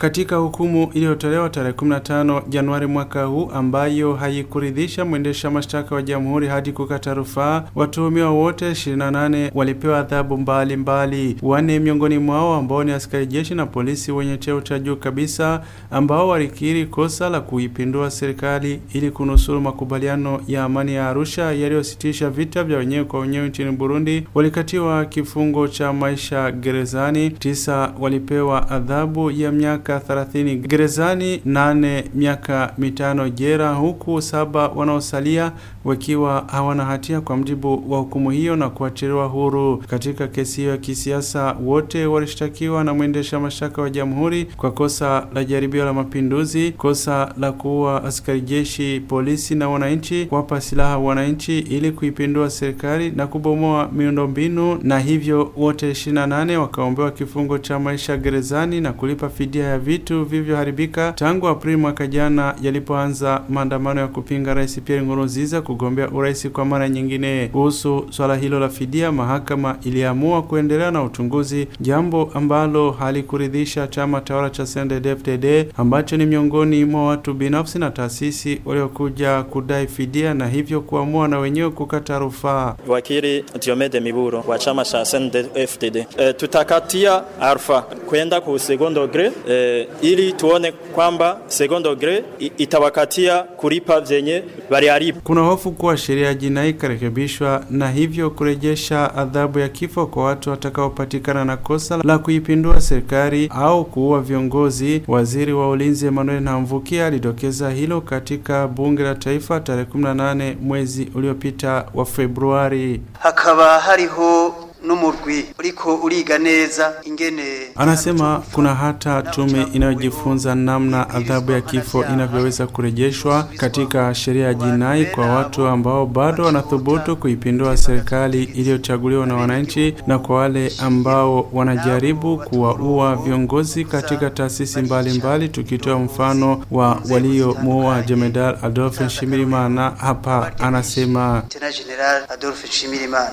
Katika hukumu iliyotolewa tarehe 15 Januari mwaka huu ambayo haikuridhisha mwendesha mashtaka wa jamhuri hadi kukata rufaa, watuhumiwa wote 28 walipewa adhabu mbalimbali. Wanne miongoni mwao ambao ni askari jeshi na polisi wenye cheo cha juu kabisa ambao walikiri kosa la kuipindua serikali ili kunusuru makubaliano ya amani ya Arusha yaliyositisha vita vya wenyewe kwa wenyewe nchini Burundi walikatiwa kifungo cha maisha gerezani. Tisa walipewa adhabu ya miaka miaka 30 gerezani, nane miaka mitano jera, huku saba wanaosalia wakiwa hawana hatia kwa mujibu wa hukumu hiyo na kuachiliwa huru. Katika kesi hiyo ya kisiasa, wote walishtakiwa na mwendesha mashtaka wa jamhuri kwa kosa la jaribio la mapinduzi, kosa la kuua askari jeshi, polisi na wananchi, kuwapa silaha wananchi ili kuipindua serikali na kubomoa miundombinu, na hivyo wote 28 wakaombewa kifungo cha maisha gerezani na kulipa fidia ya vitu vilivyoharibika tangu Aprili mwaka jana yalipoanza maandamano ya kupinga Rais Pierre Nkurunziza kugombea urais kwa mara nyingine. Kuhusu swala hilo la fidia, mahakama iliamua kuendelea na uchunguzi, jambo ambalo halikuridhisha chama tawala cha CNDD-FDD ambacho ni miongoni mwa watu binafsi na taasisi waliokuja kudai fidia na hivyo kuamua na wenyewe kukata rufaa. Wakili Diomede Miburo wa chama cha CNDD-FDD: E, eh, tutakatia arfa kwenda ku second degree e, Eh, ili tuone kwamba second degree itawakatia kulipa vyenye waliharibu. Kuna hofu kuwa sheria ya jinai ikarekebishwa na hivyo kurejesha adhabu ya kifo kwa watu watakaopatikana na kosa la kuipindua serikali au kuua viongozi. Waziri wa Ulinzi Emmanuel Namvukia alidokeza hilo katika bunge la taifa tarehe 18 mwezi uliopita wa Februari. Hakaba hariho n'umurwi uliko uriga neza ingene. Anasema kuna hata tume inayojifunza namna adhabu ya kifo inavyoweza kurejeshwa katika sheria ya jinai kwa watu ambao bado wanathubutu kuipindua serikali iliyochaguliwa na wananchi, na kwa wale ambao wanajaribu kuwaua viongozi katika taasisi mbalimbali, tukitoa mfano wa waliomuua Jemedal Adolphe Nshimirimana. Hapa anasema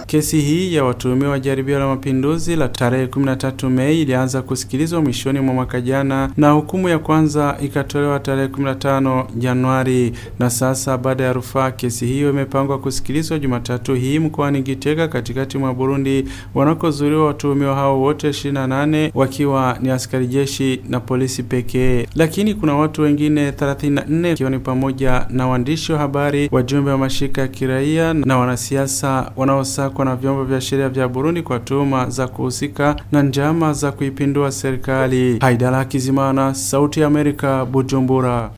kesi hii ya watuhumiwa jaribio la mapinduzi la tarehe 13 Mei ilianza kusikilizwa mwishoni mwa mwaka jana na hukumu ya kwanza ikatolewa tarehe 15 Januari, na sasa baada ya rufaa, kesi hiyo imepangwa kusikilizwa Jumatatu hii mkoani Gitega, katikati mwa Burundi, wanakozuriwa watuhumiwa hao wote 28 wakiwa ni askari jeshi na polisi pekee, lakini kuna watu wengine 34 ikiwa ni pamoja na waandishi wa habari, wajumbe wa mashirika ya kiraia na wanasiasa wanaosakwa na vyombo vya sheria vya Burundi Burundi kwa tuhuma za kuhusika na njama za kuipindua serikali. Haidala Kizimana, Sauti ya Amerika, Bujumbura.